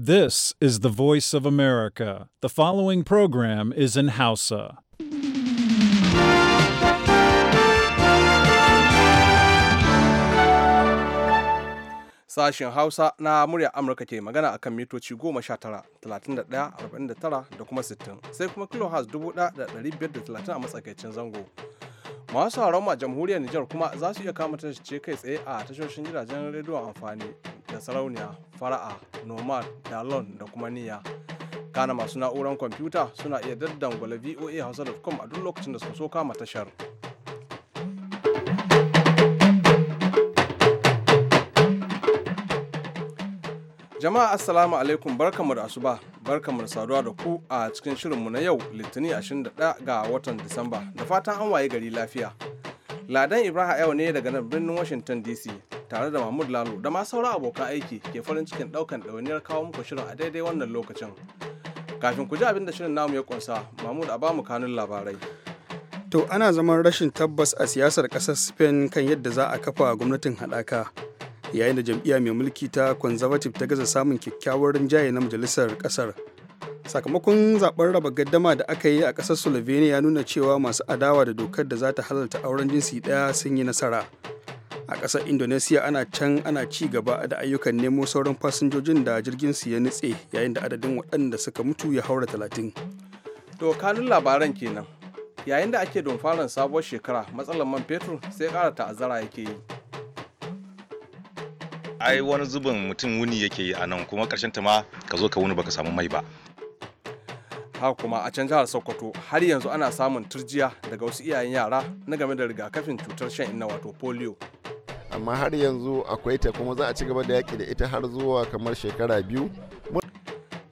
This is the voice of America. The following program is in Hausa. Sashen Hausa na murya Amurka ke magana akan mitoci goma 19, 31, 49 da tara da kuma 60, sai kuma dubu ɗaya da 1530 a matsakaicin zango. masu sauran a jamhuriyar Nijar kuma za su iya kama ce kai tsaye a tashoshin gidajen rediyon amfani da sarauniya fara'a nomad dalon da kuma niyya kana masu na'uran kwamfuta suna iya daddangwala voa hausa.com a duk lokacin da suka so kama tashar. Jama'a Assalamu alaikum barkamu da asuba barkamu da saduwa da ku a cikin shirinmu na yau Litinin 21 ga watan Disamba da fatan an waye gari lafiya. Ladan Ibrahim yau ne daga nan birnin Washington DC tare da Mahmud Lalo da ma sauran abokan aiki ke farin cikin daukan ɗawainiyar kawo muku shirin a daidai wannan lokacin. Kafin ku ji abin da shirin namu ya kunsa, Mahmud a ba mu kanun labarai. To ana zaman rashin tabbas a siyasar ƙasar Spain kan yadda za a kafa gwamnatin haɗaka. yayin da jam'iyya mai mulki ta conservative ta gaza samun kyakkyawar rinjaye na majalisar kasar sakamakon zaben raba gaddama da aka yi a kasar slovenia ya nuna cewa masu adawa da dokar da za ta halarta auren jinsi daya sun yi nasara a ƙasar indonesia ana can ana ci gaba da ayyukan nemo sauran fasinjojin da jirgin su ya nutse yayin da adadin waɗanda suka mutu ya haura talatin to labaran kenan yayin da ake don fara sabuwar shekara matsalar man fetur sai ƙara ta'azzara yake yi ai wani zubin mutum wuni yake yi a nan kuma karshen ta ma ka zo ka wuni baka samu mai ba ha kuma a can jihar sokoto har yanzu ana samun turjiya daga wasu iyayen yara na game da rigakafin cutar shan inna wato polio amma har yanzu akwai ta kuma za a ci gaba da yaki da ita har zuwa kamar shekara biyu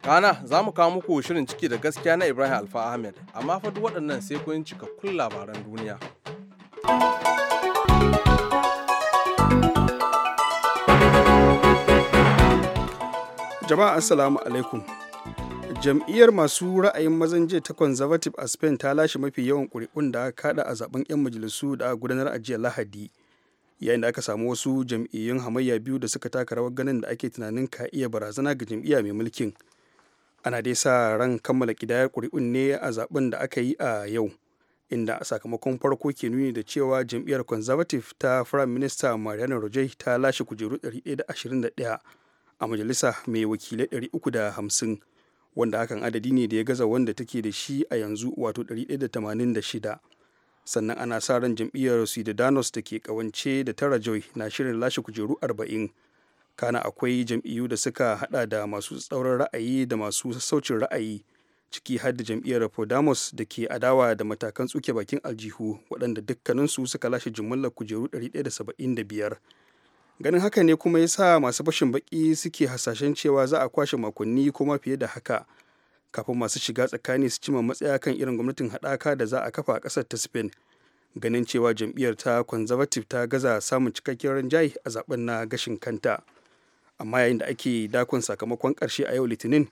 kana za mu kawo muku shirin ciki da gaskiya na ibrahim alfa ahmed amma fa duk waɗannan sai kun cikakkun labaran duniya jama'a assalamu alaikum jam'iyyar masu ra'ayin mazan jiya ta conservative a spain ta lashe mafi yawan ƙuri'un da aka kada a zaben 'yan majalisu da aka gudanar a jiya lahadi yayin da aka samu wasu jam'iyyun hamayya biyu da suka taka rawar ganin da ake tunanin ka iya barazana ga jam'iyya mai mulkin ana dai sa ran kammala kidayar ƙuri'un ne a zaben da aka yi a yau inda sakamakon farko ke nuni da cewa jam'iyyar conservative ta prime minister mariano rajoy ta lashe kujeru 121 a majalisa mai wakilai 350 wanda hakan adadi ne da ya gaza wanda take da shi a yanzu wato 186 sannan ana sa ran jam'iyyar Ciudadanos da ke kawance da tara joy na shirin lashe kujeru 40 kana akwai jam'iyyu da suka hada da masu tsauran ra'ayi da masu sassaucin ra'ayi ciki har da jam'iyyar podamos da ke adawa da matakan tsuke bakin aljihu waɗanda dukkaninsu suka lashe jimillar kujeru 175 ganin haka ne kuma ya sa masu fashin baki suke hasashen cewa za a kwashe makonni kuma fiye da haka kafin masu shiga tsakani su cima matsaya kan irin gwamnatin haɗaka da za a kafa a ƙasar ta spain ganin cewa jam'iyyar ta conservative ta gaza samun cikakken rinjaye a zaben na gashin kanta amma yayin da ake dakon sakamakon ƙarshe a yau litinin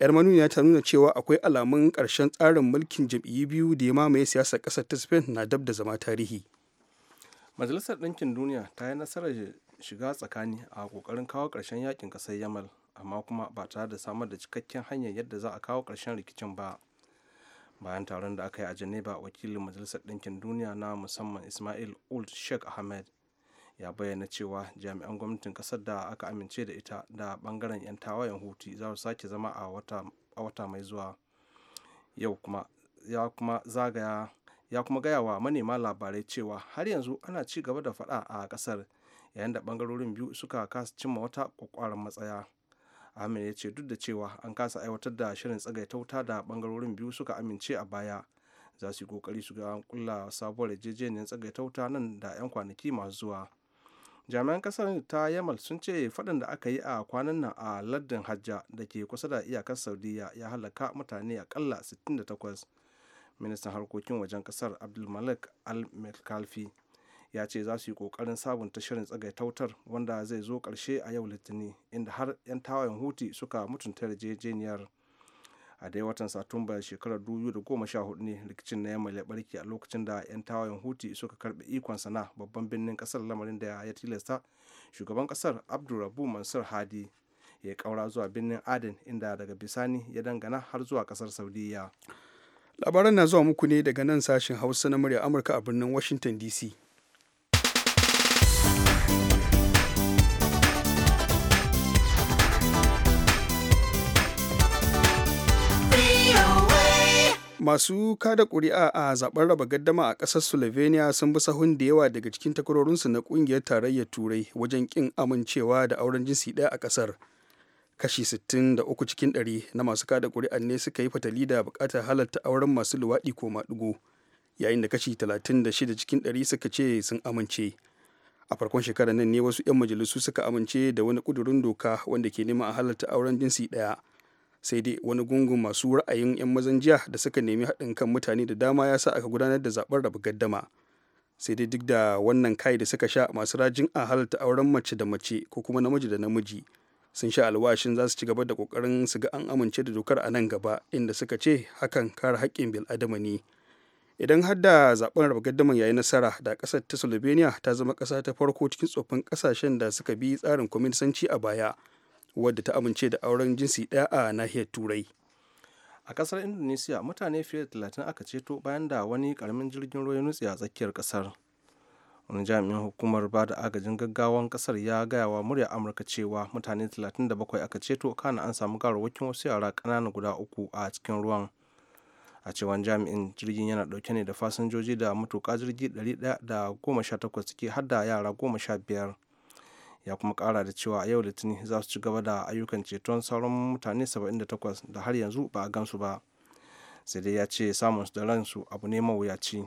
yar manuniya ta nuna cewa akwai alamun ƙarshen tsarin mulkin jam'iyyu biyu da ya mamaye siyasar ƙasar ta spain na dab da zama tarihi majalisar ɗinkin duniya ta yi nasarar shiga tsakani a kokarin kawo ƙarshen yakin ƙasar yamal amma kuma ba tare da samar da cikakken hanyar yadda za a kawo ƙarshen rikicin ba bayan taron da aka yi a geneva wakilin majalisar ɗinkin duniya na musamman ismail old sheikh ahmed ya bayyana cewa jami'an gwamnatin kasar da aka amince da ita da ɓangaren 'yan tawayen hutu za su sake zama a wata mai zuwa yau kuma ya kuma zagaya ya kuma gaya wa manema labarai cewa har yanzu ana ci gaba da faɗa a kasar yayin da bangarorin biyu suka kasa cimma wata kwakwaran matsaya ahmed ya ce duk da cewa an kasa aiwatar da shirin tsagaita wuta da bangarorin biyu suka amince a baya za su yi kokari su ga kulla sabuwar yarjejeniyar tsagaita wuta nan da 'yan kwanaki masu zuwa jami'an kasar ta yamal sun ce faɗin da aka yi a kwanan nan a lardin hajja da ke kusa da iyakar saudiya ya halaka mutane akalla 68 ministan harkokin wajen kasar abdulmalik al-melkalfi ya ce za su yi kokarin sabunta shirin tsagaitautar wanda zai zo karshe a yau litinin inda har 'yan tawayen huti suka mutunta yarjejeniyar a dai watan satumba shekarar 2014 ne rikicin na yamma ya barke a lokacin da 'yan tawayen huti suka karbi ikon sana babban birnin kasar lamarin da ya tilasta shugaban kasar abdulrabu mansur hadi ya kaura zuwa birnin aden inda daga bisani ya dangana har zuwa kasar saudiya labaran na zuwa muku ne daga nan sashen hausa na murya amurka a birnin washington dc masu kada ƙuri'a a zaben raba gaddama a ƙasar slovenia sun bi sahun da yawa daga cikin takwarorinsu na ƙungiyar tarayyar turai wajen ƙin amincewa da auren jinsi ɗaya a ƙasar kashi 63 cikin 100 na masu kada kuri'a ne suka yi fatali da buƙatar halarta auren masu luwaɗi ko maɗigo yayin da kashi 36 cikin 100 suka ce sun amince a farkon shekarar nan ne wasu 'yan majalisu suka amince da wani kudurin doka wanda ke nema a halarta auren jinsi ɗaya sai dai wani gungun masu ra'ayin 'yan mazan jiya da suka nemi haɗin kan mutane da dama ya sa aka gudanar da zaɓen rabu gaddama sai dai duk da wannan kai da suka sha masu rajin a halarta auren mace da mace ko kuma namiji da namiji sun sha alwashin za su ci gaba da kokarin su ga an amince da dokar a nan gaba inda suka ce hakan kare haƙƙin bil'adama ne idan har da zaben raba gardamar yayi nasara da kasar ta slovenia ta zama kasa ta farko cikin tsoffin kasashen da suka bi tsarin kwaminisanci a baya wadda ta amince da auren jinsi daya a nahiyar turai a kasar indonesia mutane fiye da talatin aka ceto bayan da wani karamin jirgin ruwa ya nutse a tsakiyar kasar wani jami'in hukumar ba da agajin gaggawan kasar ya gaya wa murya amurka cewa mutane 37 aka ceto kana an samu garwakin wasu yara kanana guda uku a cikin ruwan a cewan jami'in jirgin yana dauke ne da fasinjoji da matuƙa jirgi 118 ciki har da yara 15 ya kuma ƙara da cewa a yau litinin za su ci gaba da ayyukan ceton sauran mutane 78 da har yanzu ba a gansu ba sai dai ya ce samun su da ransu abu ne mawuyaci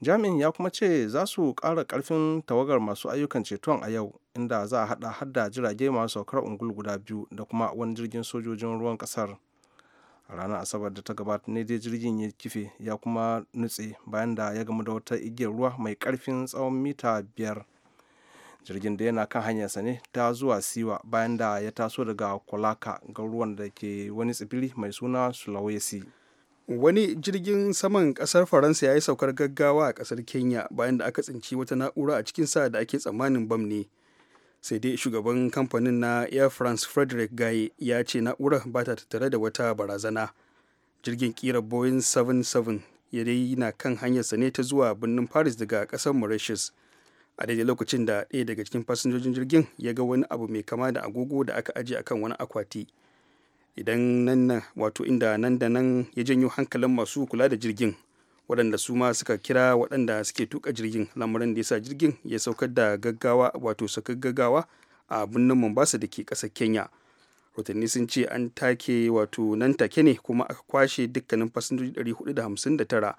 jami'in ya kuma ce za su ƙara ƙarfin tawagar masu ayyukan ceton a yau inda za a hada hadda jirage masu saukar ungul guda biyu da kuma wani jirgin sojojin ruwan ƙasar a ranar asabar da ta gabata ne dai jirgin ya kife ya kuma nutse bayan da ya gamu da wata igiyar ruwa mai karfin tsawon mita biyar jirgin da yana kan hanyarsa ne ta zuwa siwa bayan da ya taso daga kolaka ga ruwan da ke wani tsibiri mai suna sulawesi wani jirgin saman kasar faransa ya yi saukar gaggawa a kasar kenya bayan da aka tsinci wata na'ura a cikin cikinsa da ake tsammanin bam ne sai dai shugaban kamfanin na air france frederick guy ya ce na'urar ba ta tattare da wata barazana jirgin kira boeing 77 ya dai na kan hanyarsa ne ta zuwa birnin paris daga kasar mauritius a daidai lokacin da ɗaya daga cikin fasinjojin jirgin ya ga wani abu mai kama da agogo da aka ajiye akan wani akwati idan nan wato inda nan da nan ya janyo hankalin masu kula da jirgin waɗanda su ma suka kira waɗanda suke tuka jirgin lamarin da yasa jirgin ya saukar da gaggawa wato sakar gaggawa a birnin mombasa da ke ƙasar kenya rotanni sun ce an take wato nan take ne kuma aka kwashe dukkanin fasinjoji 459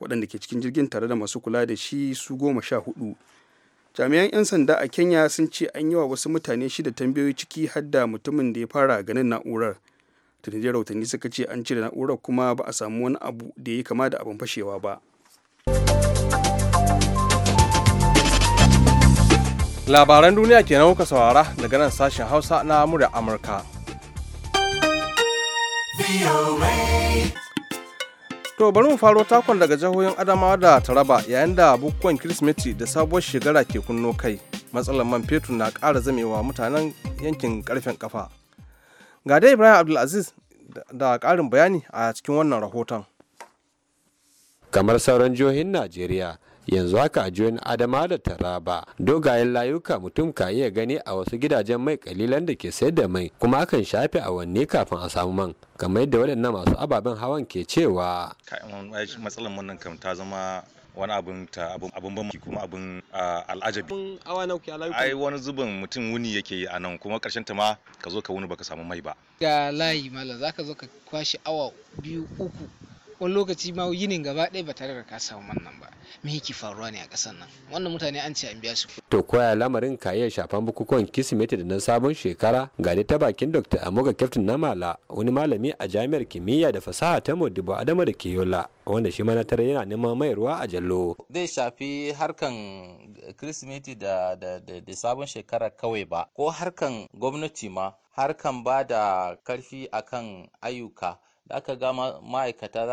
waɗanda ke cikin jirgin tare da masu kula da shi su goma sha hudu jami'an 'yan sanda a kenya sun ce an yi wa wasu mutane shida tambayoyi ciki har da mutumin da ya fara ganin na'urar tuni dai rahotanni suka ce an cire na'urar kuma ba a samu wani abu da ya kama da abin fashewa ba labaran duniya kenan kuka saurara daga nan sashen hausa na murya amurka To bari mu faro takon daga jihohin Adamawa da Taraba yayin da bukukuwan Kirsimeti da sabuwar shigara ke kunno kai. Matsalar man fetur na kara zamewa mutanen yankin karfen kafa. Ga dai Ibrahim Abdulaziz da karin bayani a cikin wannan rahoton. Kamar sauran jihohin Najeriya, yanzu haka a juyin adama da taraba dogayen layuka mutum ka iya gani a wasu gidajen mai kalilan da ke sayar da mai kuma akan shafe awanni kafin a samu man kamar yadda waɗannan masu ababen hawan ke cewa matsalar wannan kam zama wani abin ta abin ban maki, kuma abin al'ajabi ai wani zubin mutum wuni yake yi a nan kuma karshen ta ma ka zo ka wuni baka samu mai ba ga layi mala zaka zo ka kwashi awa biyu uku wani lokaci ma yinin gaba ɗaya ba tare da ka samu wannan ba me yake faruwa ne a ƙasar nan wannan mutane an ce an biya su to koya lamarin ka iya shafan bukukuwan kirsimeti da na sabon shekara ga ta bakin dr amoga captain na mala wani malami a jami'ar kimiyya da fasaha ta modibo adama da keyola wanda shi mana tare yana neman mayarwa a jallo zai shafi harkan kirsimeti da, da, da, da sabon shekara kawai ba ko harkan gwamnati ma harkan ba da karfi akan ayyuka da aka ga ma'aikata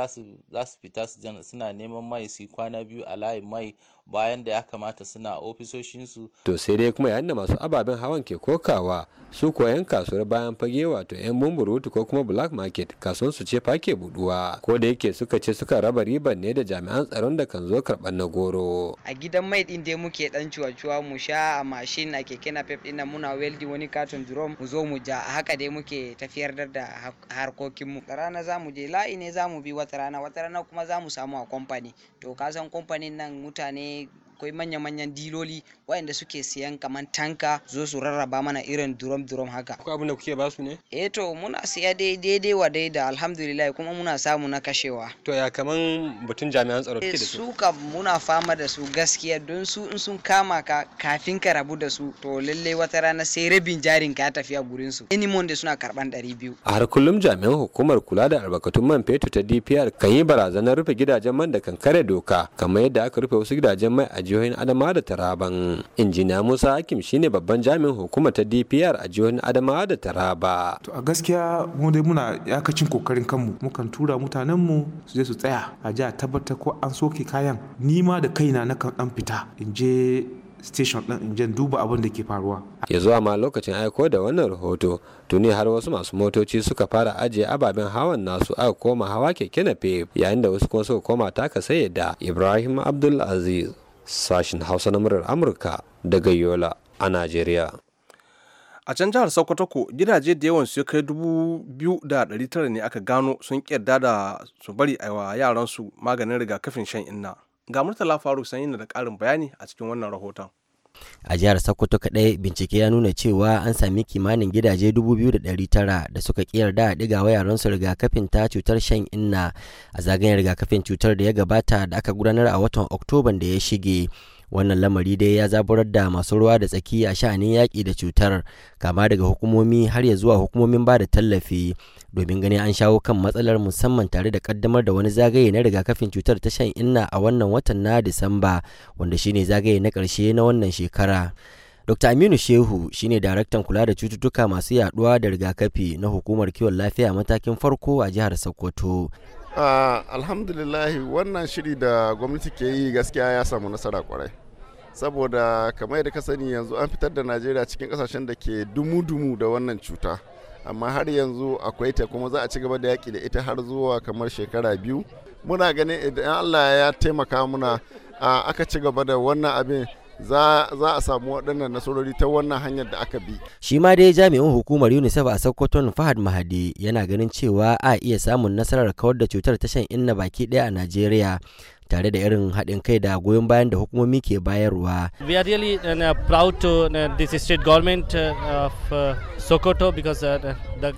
za su fita suna neman mai su kwana biyu a layin mai bayan da ya kamata suna ofisoshinsu. To sai dai kuma yayin da masu ababen hawan ke kokawa su koyan kasuwar bayan fage wato 'yan bumburutu ko kuma black market kasuwar su ce fake buduwa ko da yake suka ce suka raba riban ne da jami'an tsaron da kan zo karɓar na goro. A gidan mai ɗin dai muke ɗan cuwa-cuwa mu sha a mashin a keke na pep ɗin muna weldi wani katon drum mu zo mu ja a haka dai muke tafiyar da harkokinmu. Rana za mu je layi ne za mu bi wata rana wata rana kuma za mu samu a kwamfani to kasan kwamfanin nan mutane me akwai manya-manyan diloli wayanda suke siyan kaman tanka zo su rarraba mana irin durom durom haka ko abin da kuke ba su ne eh to muna siya daidai wa daida alhamdulillah kuma muna samu na kashewa to ya kaman batun jami'an tsaro kike da su eh, su muna fama da su gaskiya don su in sun kama ka kafin ka rabu da su to lalle wata rana sai rabin jarin ka tafiya gurin su anyone da suna karban 200 a har kullum jami'an hukumar kula da albarkatun man fetur ta DPR kan yi barazanar rufe gidajen man da kan kare doka kamar yadda aka rufe wasu gidajen mai a jihohin adama da taraban injiniya musa hakim shine babban jami'in hukumar ta dpr a jihohin adama da taraba to a gaskiya mu dai muna yakacin kokarin kanmu mukan tura mutanen mu su je su tsaya a ji a tabbatar ko an soke kayan ni ma da kaina nakan dan fita in je station ɗin je duba abin da ke faruwa. ya zuwa ma lokacin aiko da wannan rahoto tuni har wasu masu motoci suka fara ajiye ababen hawan nasu aka koma hawa keke na yayin da wasu kuma suka koma taka sayyada ibrahim abdul aziz Sashen hausa na murar amurka daga yola a najeriya a can jihar sokoto ko gidaje da yawan su kai dubu biyu da ɗari tara ne aka gano sun kyarda da su bari a wa yaransu maganin rigakafin shan inna ga murtala faruk sanyi da ƙarin bayani a cikin wannan rahoton a jihar sokoto kadai bincike ya nuna cewa an sami kimanin gidaje 2,900 da suka yarda diga wa yaransu rigakafin ta cutar shan inna a zagayen rigakafin cutar da ya gabata da aka gudanar a watan oktoban da ya shige wannan lamari dai ya zaburar da masu ruwa da tsaki a sha'anin yaƙi da cutar kama daga hukumomi har ya zuwa hukumomin ba da tallafi domin ganin an shawo kan matsalar musamman tare da kaddamar da wani zagaye na rigakafin cutar ta shan inna a wannan watan na Disamba wanda shine zagaye na karshe na wannan shekara. Dr. Aminu Shehu shine daraktan kula da cututtuka masu yaduwa da rigakafi na hukumar kiwon lafiya matakin farko a jihar Sokoto. alhamdulillahi wannan shiri da gwamnati ke yi gaskiya ya samu nasara kwarai. Saboda kamar da ka sani yanzu an fitar da Najeriya cikin kasashen da ke dumu-dumu da wannan cuta. amma har yanzu akwai ta kuma za a ci gaba da yaƙi da ita har zuwa kamar shekara biyu muna ganin idan allah ya taimaka muna aka ci gaba da wannan abin za, a samu waɗannan nasarori ta wannan hanyar da aka bi. Shi ma dai jami'in hukumar UNICEF a sokoto Fahad Mahadi yana ganin cewa a iya samun nasarar kawar da cutar ta inna baki ɗaya a Najeriya tare da irin haɗin kai da goyon bayan da hukumomi ke bayarwa. We are really uh, uh, proud to uh, this state government of Sokoto because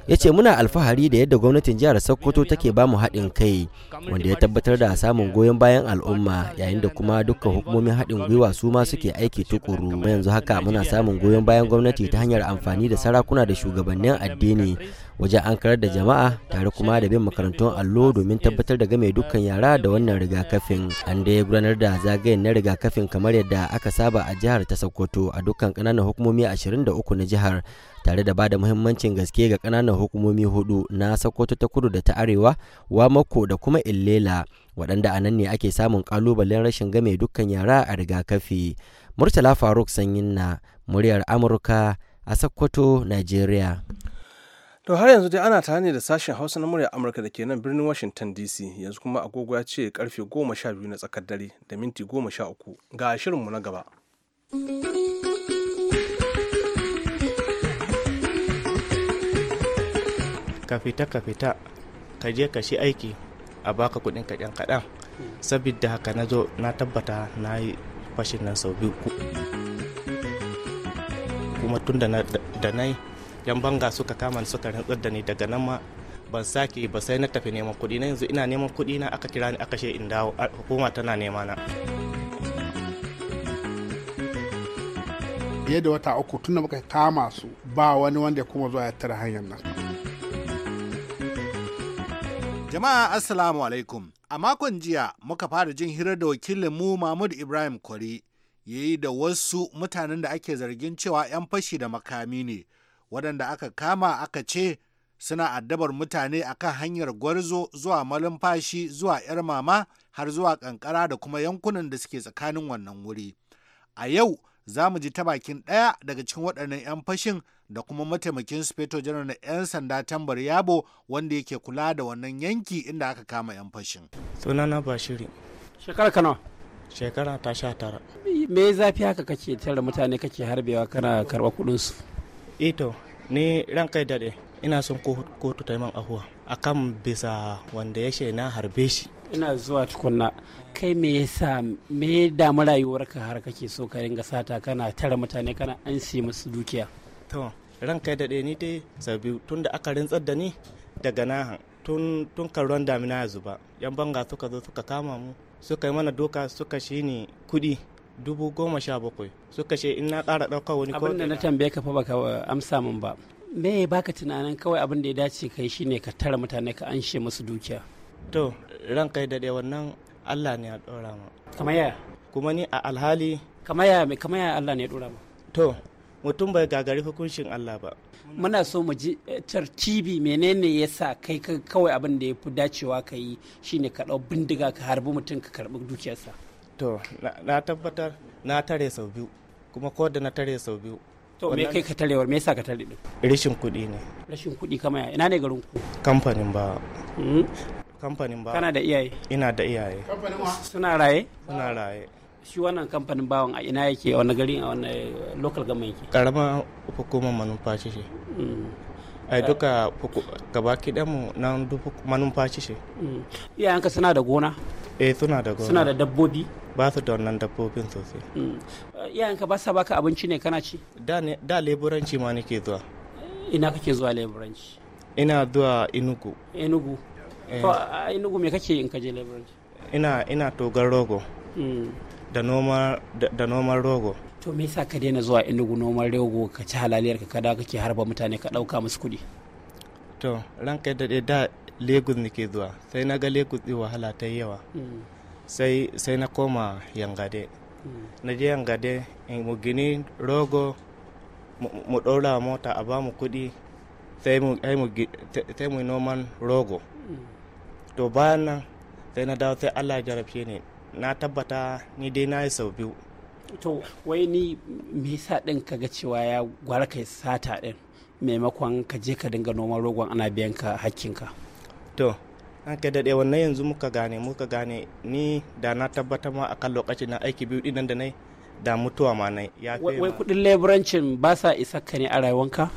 ya ce muna alfahari da yadda gwamnatin jihar sokoto take bamu haɗin kai wanda ya tabbatar da samun goyon bayan al'umma yayin da kuma dukkan hukumomin haɗin gwiwa su ma suke aiki tukuru yanzu haka muna samun goyon bayan gwamnati ta hanyar amfani da sarakuna da shugabannin addini wajen an karar da jama'a tare kuma da bin makarantun allo domin tabbatar da game dukkan yara da wannan rigakafin rigakafin an da ya gudanar da zagayen na rigakafin kamar yadda aka saba a jihar ta sokoto a dukkan kananan hukumomi 23 na jihar tare da bada muhimmancin gaske ga kananan hukumomi hudu na sokoto ta kudu da ta arewa wamako da kuma illela waɗanda a nan ne ake samun kalubalen rashin game dukkan yara a rigakafi murtala faruk sanyin na muryar amurka a sokoto nigeria To har yanzu dai ana tare ne da sashen Hausa na murya Amurka da ke nan birnin Washington DC yanzu kuma agogo ya ce karfe goma sha biyu na tsakar dare da minti goma sha uku ga shirinmu na gaba. Ka fita ka fita ka je ka shi aiki a baka kuɗin kaɗan kaɗan saboda haka na zo na tabbata na yi fashin nan sau biyu kuma tun da na yi yan banga suka kama ni suka rantsar da ni daga nan ma ban sake ba sai na tafi neman kuɗi na yanzu ina neman kuɗi na aka kira ni aka ce in dawo hukuma tana nema na fiye da wata uku tunda muka kama su ba wani wanda kuma zuwa ya tara hanyar nan jama'a assalamu alaikum a makon jiya muka fara jin hirar da wakilin mu mahmud ibrahim kwari ya yi da wasu mutanen da ake zargin cewa 'yan fashi da makami ne waɗanda aka kama aka ce suna addabar mutane akan hanyar gwarzo zuwa malumfashi zuwa 'yar mama har zuwa kankara da kuma yankunan da suke tsakanin wannan wuri a yau za mu ji ta bakin ɗaya daga cikin waɗannan 'yan fashin da kuma mataimakin speto janar na 'yan sanda tambar yabo wanda yake kula da wannan yanki inda aka kama 'yan fashin sunana ba shiri. shekara kano shekara ta sha tara me zafi haka kake tare mutane kake harbewa kana karɓar kuɗinsu ito eh ni ran kai daɗe ina son kotu ta man ahuwa akan bisa wanda ya na harbe shi ina zuwa tukunna kai me yasa me damu rayuwarka har kake so ka ringa sata kana tara mutane kana an si musu dukiya to ran kai daɗe ni dai sabi tun da aka rintsar da ni daga nahan tun tun karuwan damina ya zuba yan banga suka zo suka kama mu suka yi mana doka suka shi ni kuɗi dubu goma sha bakwai suka ce in na ƙara ɗauka wani kawai abin da na tambaye ka fa baka uh, amsa min ba me ya baka tunanin kawai abin da ya dace ka yi shine ka tara mutane ka anshe musu dukiya to ran kai da wannan Allah ne ya ɗora ma kamar ya kuma ni a alhali kamar ya kamar ya Allah ne ya ɗora ma to mutum bai gagari hukuncin Allah ba muna so mu ji eh, tartibi menene yasa kai kawai abin da ya fi dacewa ka yi shine ka ɗau bindiga ka harbi mutum ka karɓi dukiyarsa to na tabbatar na tare sau biyu kuma ko da na tare sau biyu to me kai ka tarewar me yasa ka tare din rashin kuɗi ne rashin kuɗi kama ya ina ne garin ku kamfanin ba hmm? kamfanin ba kana da iyaye ina da iyaye kamfanin wa suna raye suna raye shi wannan kamfanin bawon a ina yake a wani gari a wani local government yake karamar hukumar manufashi shi ai duka gabaki mu nan dubu manumfaci ce mm. iyayenka suna da gona eh suna da gona suna da dabbobi ba su da wannan dabbobin sosai mm. iyayenka ba sa baka abinci ne kana ci da leburanci ma nake zuwa ina kake zuwa leburanci ina zuwa inugu inugu eh. to a inugu me kake in kaje leburanci ina ina togar rogo mm. da noman rogo to me yasa ka daina zuwa inugu noman rego ka ci halaliyar ka kada kake harba mutane ka dauka musu kuɗi to ranka da da lagos nake zuwa sai na ga lagos wahala ta yawa mm. sai sai na koma yangade mm. na je yangade mu gini rogo mu ɗora mota a bamu kuɗi sai mu noman rogo mm. to bayan nan sai na dawo sai allah jarabce ne na tabbata ni dai na yi sau biyu to wai ni me yasa din kaga cewa ya gwara kai sata din maimakon ka je ka dinga noman rogon ana biyan ka hakkinka to an ka daɗe wannan yanzu muka gane muka gane ni da na tabbatar ma akan lokaci na aiki biyu dinan da nai da mutuwa ma nai ya wai kudin leburancin ba sa isa ka ne a rayuwanka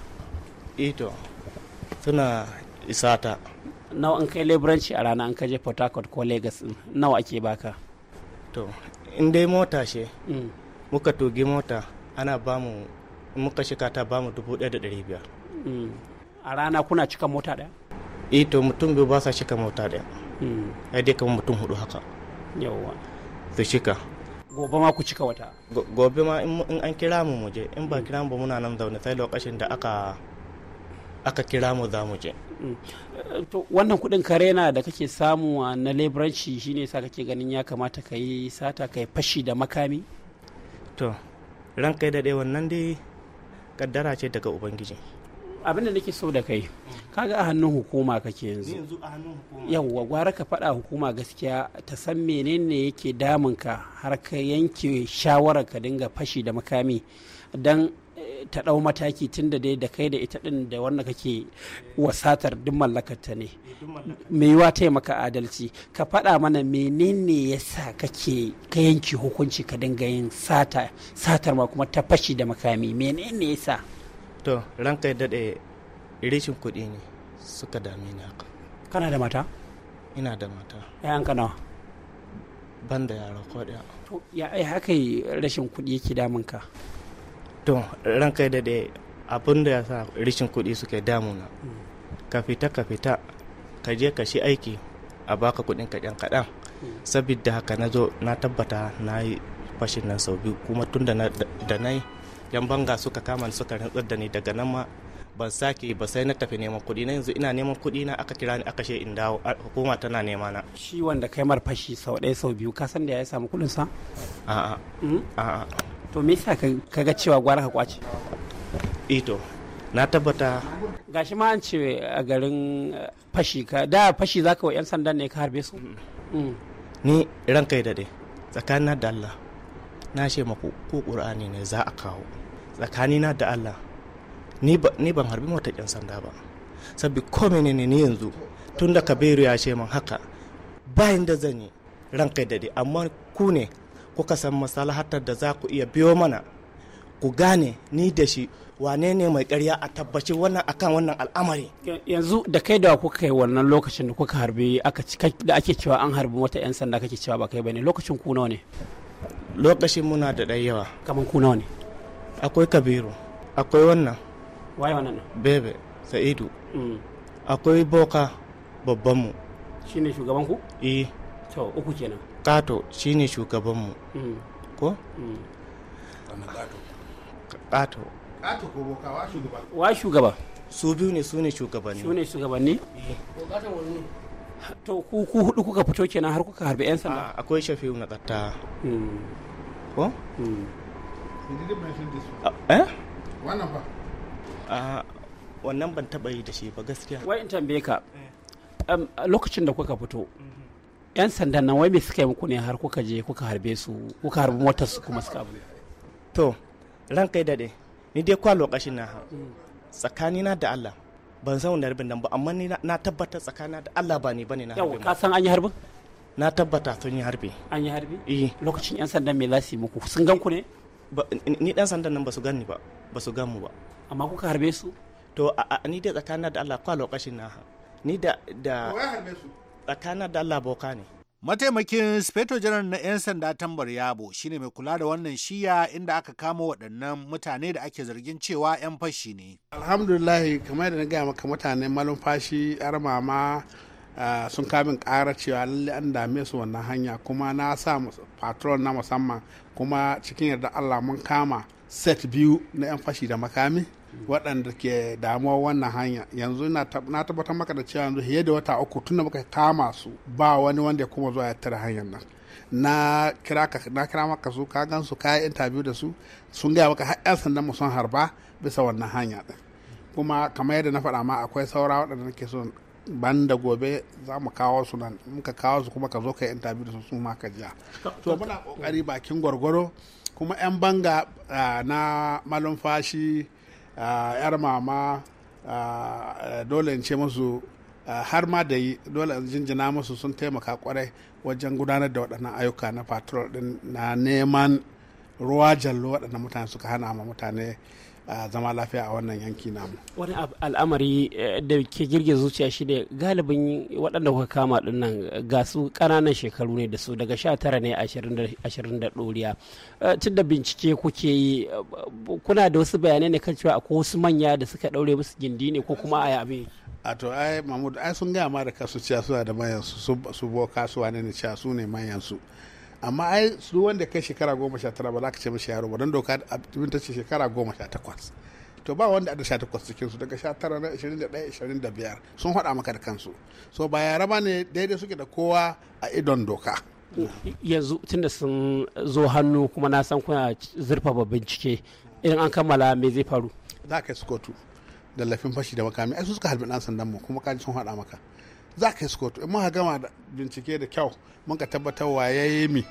ito e suna isata nawa an kai leburanci a rana an kaje port harcourt ko lagos nawa ake baka to in dai mota ce mm. muka togi mota ana ba mu muka shika ta ba mu dubu ɗaya da ɗari biyar mm. a rana kuna cika mota ɗaya eh to mutum biyu ba sa cika mota ɗaya mm. ai dai kamar mutum hudu haka yawwa to shika gobe ma ku cika wata gobe ma in an kira mu muje in ba kira mu ba muna nan zaune sai lokacin da aka aka kira mu za mu je Mm. Eh, to wannan kuɗin kare na da kake samu na leburanci shine sa kake ganin ya kamata ka yi sata ka yi fashi da makami to ran kai da wannan dai kaddara ce daga ubangiji abin da nake so da kai kaga a hannun hukuma kake yanzu yawwa gwara ka faɗa hukuma gaskiya ta san menene yake damun ka har ka yanke shawarar ka dinga fashi da makami don ta ɗau mataki tun da dai da kai da ita ɗin da wannan kake wasatar duk mallakarta ne me yiwa taimaka adalci ka faɗa mana menene yasa kake ka yanke hukunci ka dinga yin sata satar ma kuma ta fashi da makami menene yasa to ranka ya daɗe rishin kuɗi ne suka dame ni haka kana da mata ina da mata yayan ka nawa ban da yara ko ɗaya to ya haka rashin kuɗi yake damun ka to kai da da abin da ya sa rishin kuɗi suke damuna ka fita ka fita ka je ka shi aiki a baka kuɗin kaɗan kaɗan saboda haka na zo na tabbata na yi fashin nan sau biyu kuma tun da na yi yan banga suka kama ni suka rantsar da ni daga nan ma ban sake ba sai na tafi neman kuɗi na yanzu ina neman kuɗi na aka kira ni aka ce in dawo hukuma tana nema na shi wanda kai mar fashi sau ɗaya sau biyu ka san da ya samu kuɗin sa a'a hmm? a'a to me yasa ka ga cewa gwara ka kwace ito eh na tabbata gashi ma an ce a garin eh, fashi ka da fashi za ka wa yan sandan ne ka harbe su mm. ni ran kai daɗe tsakanina da Allah na ce maku ko qur'ani ne za a kawo tsakanina da Allah ni ban harbi mota yan sanda ba sabbi ko menene ne yanzu tun da kabiru ya ce min haka bayan da zan yi ran kai daɗe amma ku ne kuka san masalahatar da za ku iya biyo mana ku gane ni da shi wane ne mai karya a tabbaci wannan akan wannan al'amari yanzu da kai da kuka kai wannan lokacin da kuka harbi aka da ake cewa an harbi wata yan sanda kake cewa ba kai bane lokacin ku nawa ne lokacin muna da dai yawa kaman ku nawa ne akwai kabiru akwai wannan waye wannan bebe sa'idu mm. akwai boka babban mu. shine shugaban ku eh to uku kenan kato shine shugabanmu mm. ko mm. kato kato ko boka wa shugaba wa shugaba su biyu ne su ne shugabanni su ne shugabanni eh, to ku ku hudu kuka fito kenan har kuka harbi yan sanda ah, akwai shafi na tsatta mm. ko ah, eh? wannan ba ah, wannan ban taba yi da shi ba gaskiya wai in tambaye ka eh. lokacin da kuka fito 'yan sandan nan wai me suka yi muku ne har kuka je kuka harbe su kuka harbi motar su kuma suka abu to ran kai dade ni dai kwa lokacin na tsakanina da Allah ban san wani harbin nan ba amma ni na tabbata tsakanina da Allah ba ni bane na harbin ka san an yi harbin na tabbata sun yi harbi an yi harbi eh lokacin 'yan sandan me za muku sun gan ku ne ni dan sandan nan ba su gani ba ba su gan mu ba amma kuka harbe su to ni dai tsakanina da Allah kwa lokacin na ni da da tsakanin da Allah boka ne mataimakin speto janar na 'yan sanda tambar yabo shine mai kula da wannan shiya inda aka kama waɗannan mutane da ake zargin cewa 'yan fashi ne alhamdulillah kamar da na gaya maka mutane malum fashi yar mama sun kamin ƙara cewa lalle an dame su wannan hanya kuma na sa patron na musamman kuma cikin yarda allah mun kama set biyu na 'yan fashi da makami waɗanda ke damuwa wannan hanya yanzu na tabbatar maka da cewa yanzu fiye da wata uku tun da muka kama su ba wani wanda ya kuma zuwa ya tara hanyar nan na kira ka na kira maka su ka gan su ka interview da su sun gaya maka har sandan mu son harba bisa wannan hanya din kuma kamar yadda na faɗa ma akwai saura waɗanda nake so ban da gobe za mu kawo su nan muka kawo su kuma ka zo ka yi interview da su su ma ka jiya to muna kokari bakin gwargwaro kuma yan banga ah, na malumfashi fashi yar mama dole in ce musu har ma da yi dole in jinjina masu sun taimaka kwarai wajen gudanar da waɗannan ayyuka na patrol din na neman ruwa jallo waɗannan mutane suka hana ma mutane zama lafiya a wannan yanki namu wani al'amari eh, da ke girge zuciya shi ne galibin waɗanda kuka kama nan ga su ƙananan shekaru ne da su daga sha tara ne ashirin da ɗoriya eh, tun da bincike kuke yi eh, kuna da wasu bayanai ne kan cewa akwai wasu manya da suka ɗaure musu gindi ne ko kuma a abin a to ai mahmud ai sun gaya ma da kasu cewa suna da manyan su su bo kasuwa ne cewa su ne manyan su amma ai su wanda kai shekara goma sha tara ba za ka ce mashi yaro ba don doka abin ta ce shekara goma sha takwas to ba wanda da sha takwas cikin su daga sha tara na ishirin da ɗaya ishirin da biyar sun haɗa maka da kansu so ba yara ba ne daidai suke da kowa a idon doka yanzu tunda sun zo hannu kuma na san kuna zurfafa bincike idan an kammala me zai faru za ka yi su kotu da lafin fashi da makami ai su suka harbi ɗan sandan mu kuma kaji sun haɗa maka za ka yi skoto in muka gama da bincike da kyau mun ka tabbatar wa ya yi mi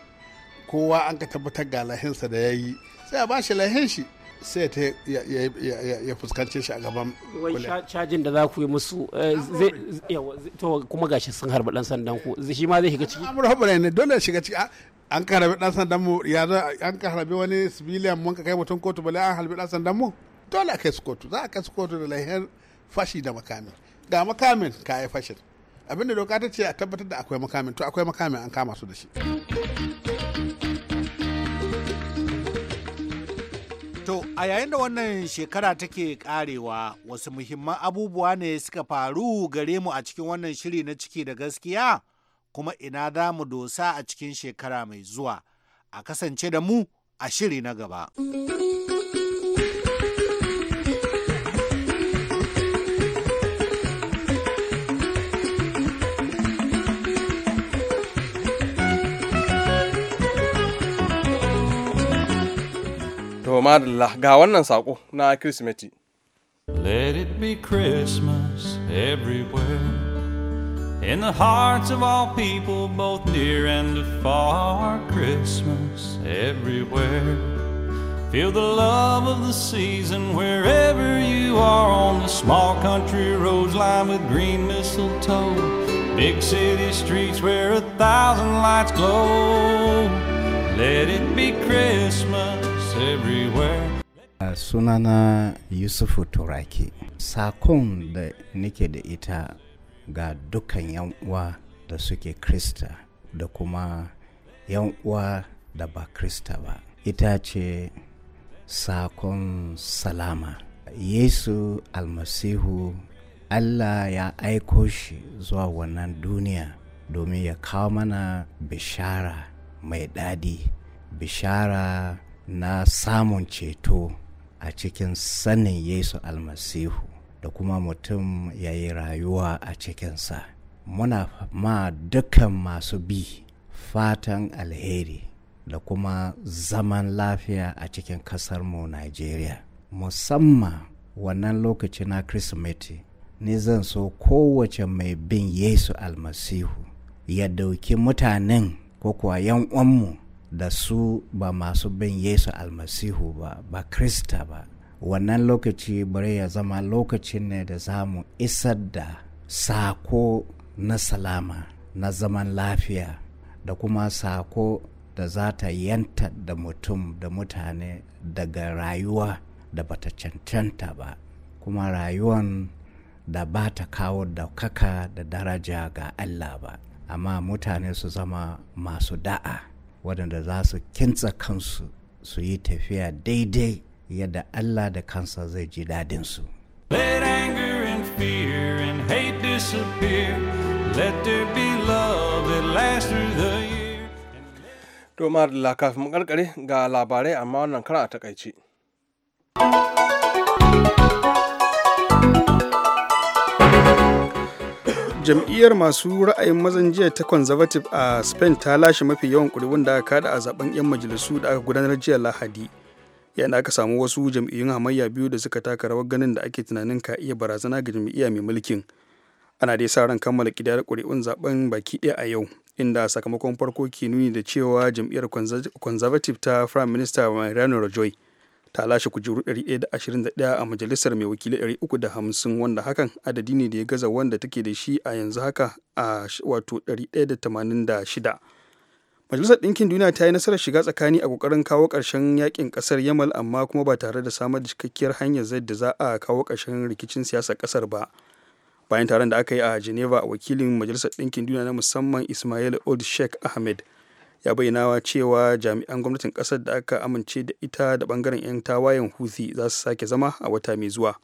kowa an ka tabbatar ga lahinsa da ya yi sai a ba shi lahin shi sai ta ya fuskance shi a gaban Wai cajin da za ku yi musu eh, to kuma gashi sun harba dan sandan ku shi ma zai shiga ciki amur hobare ne dole shiga ciki an ka harbi dan sandan mu ya an ka harbi wani civilian mun ka kai mutum kotu bale an harbi dan sandan mu dole a kai su kotu za a kai su kotu da lahin fashi da makamin ga makamin ka yi fashin Abin da doka ta ce a tabbatar da akwai makamin to akwai makamin an kama su da shi To a yayin da wannan shekara take karewa wasu muhimman abubuwa ne suka faru gare mu a cikin wannan shiri na ciki da gaskiya kuma ina za mu dosa a cikin shekara mai zuwa a kasance da mu a shiri na gaba. Mm -hmm. madalla ga wannan sako na Let it be Christmas everywhere in the hearts of all people, both near and afar. Christmas everywhere. Feel the love of the season wherever you are on the small country roads lined with green mistletoe. Big city streets where a thousand lights glow. Let it be Christmas everywhere. sunana yusufu turaki sakon da nake da ita ga dukkan yan uwa da suke krista da kuma yan'uwa da ba krista ba ita ce sakon salama yesu almasihu allah ya aiko shi zuwa wannan duniya domin ya kawo mana bishara mai daɗi bishara na samun ceto a cikin sanin Yesu almasihu da kuma mutum ya yi rayuwa a cikinsa. Muna ma dukan masu bi fatan alheri da kuma zaman lafiya a cikin mu Najeriya. Musamman wannan lokaci na Kirsimeti, ni zan so kowace mai bin Yesu almasihu ya dauki mutanen ko kuwa 'yan uwanmu da su ba masu bin yesu almasihu ba ba krista ba wannan lokaci bare ya zama lokacin ne da zamu mu isar da sako na salama na zaman lafiya da kuma sako da za ta yanta da mutum da mutane daga rayuwa da bata cancanta ba kuma rayuwan da ba ta kawo kaka da daraja ga Allah ba amma mutane su zama masu da'a waɗanda za su kintsa kansu su yi tafiya daidai yadda Allah da kansa zai ji dadinsu. Let anger and fear and hate ga labarai amma wannan kara a takaici. jam'iyyar masu ra'ayin mazan jiya ta conservative a spain ta lashe mafi yawan ƙuri'un da aka kada a zaben 'yan majalisu da aka gudanar jiya lahadi yana aka samu wasu jam'iyyun hamayya biyu da suka taka rawar ganin da ake tunanin ka iya barazana ga jam'iyya mai mulkin ana dai sa ran kammala kidayar kuri'un zaben baki ɗaya a yau inda sakamakon farko ke nuni da cewa jam'iyyar conservative ta prime minister mariano rajoy ta lashe kujeru 121 a majalisar mai wakilai 350 wanda hakan adadi ne da ya gaza wanda take da shi a yanzu haka a wato 186 majalisar ɗinkin duniya ta yi nasarar shiga tsakani a ƙoƙarin kawo ƙarshen yakin ƙasar yamal amma kuma ba tare da samar da cikakkiyar hanyar zai da za a kawo ƙarshen rikicin siyasar ƙasar ba bayan taron da aka yi a geneva wakilin majalisar ɗinkin duniya na musamman ismail old sheikh ahmed ya bayyana cewa jami'an gwamnatin kasar da aka amince da ita da bangaren 'yan tawayen huthi za su sake zama a wata mai zuwa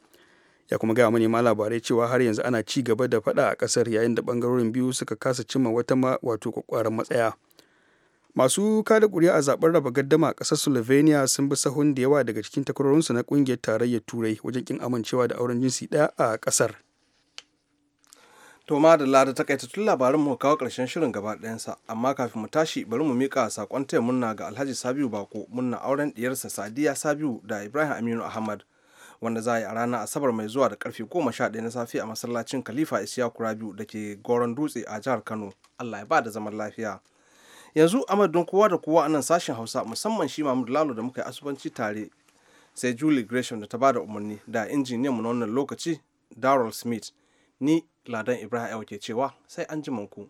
ya kuma gaya manema labarai cewa har yanzu ana ci gaba da fada a kasar yayin da bangarorin biyu suka kasa cimma wata ma wato kwakwaran matsaya masu kada kuri'a a zaben raba gaddama a kasar slovenia sun bi sahun da yawa daga cikin takwarorinsu na kungiyar tarayyar turai wajen kin amincewa da auren jinsi daya a kasar To ma da lada takaitattun labarin mu kawo karshen shirin gaba ɗayansa amma kafin mu tashi bari mu mika sakon taya munna ga Alhaji Sabiu Bako munna auren diyarsa Sadiya Sabiu da Ibrahim Aminu Ahmad wanda za a yi a ranar Asabar mai zuwa da karfe ɗaya na safe a masallacin Khalifa Isiyaku Rabiu da ke Goron Dutse a jihar Kano. Allah ya ba da zaman lafiya. Yanzu amadun kowa da kowa a nan sashen Hausa musamman shi mamud Lalo da muka yi asubanci tare sai Julie Gresham da ta ba da umarni da injiniyan mu na wannan lokaci Darrell Smith. ni ladan ibrahim ke cewa sai an ku.